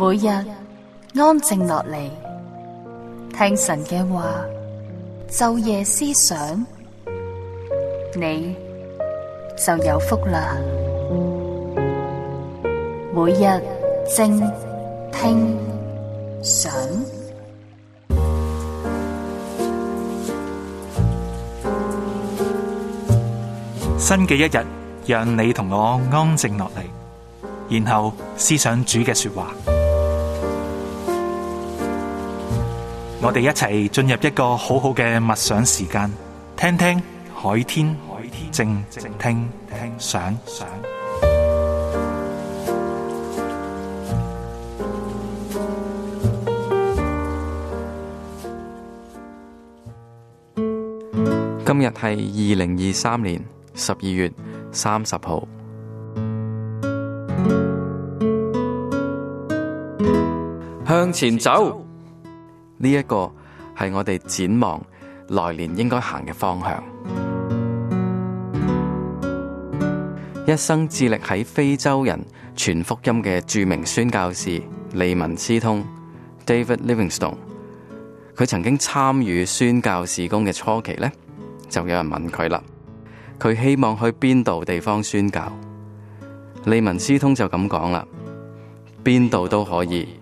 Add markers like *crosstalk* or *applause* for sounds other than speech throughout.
每日安靜落嚟，聽神嘅話，晝夜思想，你就有福啦。每日靜聽想，新嘅一日，讓你同我安靜落嚟，然後思想主嘅說話。我哋一齊進入一個好好嘅默想時間，聽聽海天靜聽想。今日係二零二三年十二月三十號，向前走。呢一個係我哋展望來年應該行嘅方向。一生致力喺非洲人傳福音嘅著名宣教士利文斯通 （David Livingstone），佢曾經參與宣教事工嘅初期呢，就有人問佢啦：佢希望去邊度地方宣教？利文斯通就咁講啦：邊度都可以。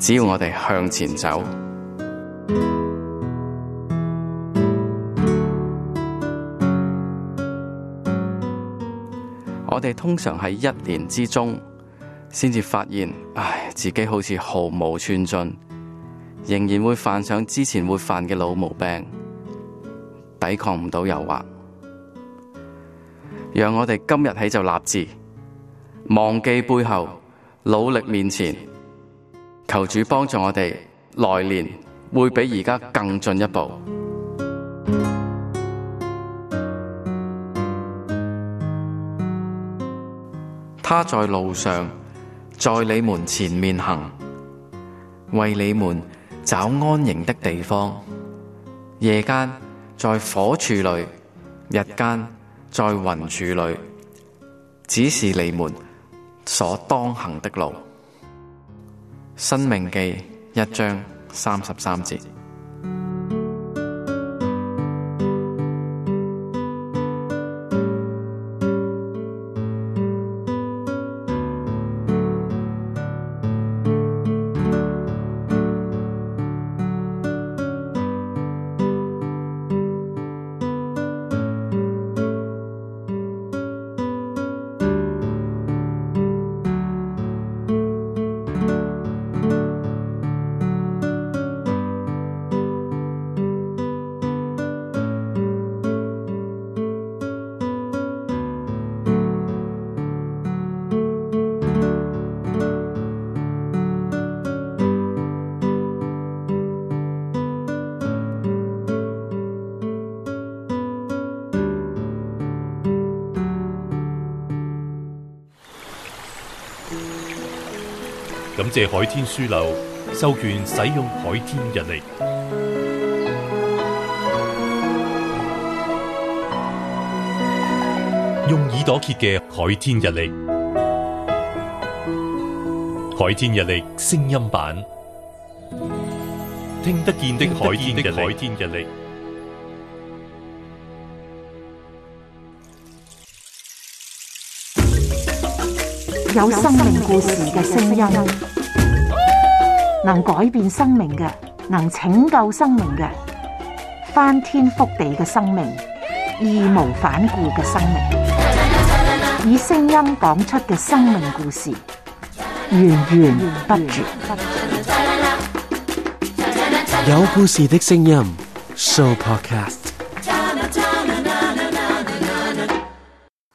只要我哋向前走，我哋通常喺一年之中，先至發現唉，自己好似毫無寸進，仍然會犯上之前會犯嘅老毛病，抵抗唔到誘惑。讓我哋今日起就立志，忘記背後，努力面前。求主幫助我哋，來年會比而家更進一步。他在路上，在你們前面行，為你們找安營的地方；夜間在火柱裏，日間在雲柱裏，指示你們所當行的路。《申命記》一章三十三節。感謝海天書樓授權使用海天日曆， *music* 用耳朵揭嘅海天日曆，海天日曆聲音版，聽得見的海天日曆。有生命故事嘅聲音，能改變生命嘅，能拯救生命嘅，翻天覆地嘅生命，義無反顧嘅生命，以聲音講出嘅生命故事，源源不絕。有故事的聲音，Sooopodcast。